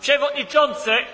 Przewodniczący!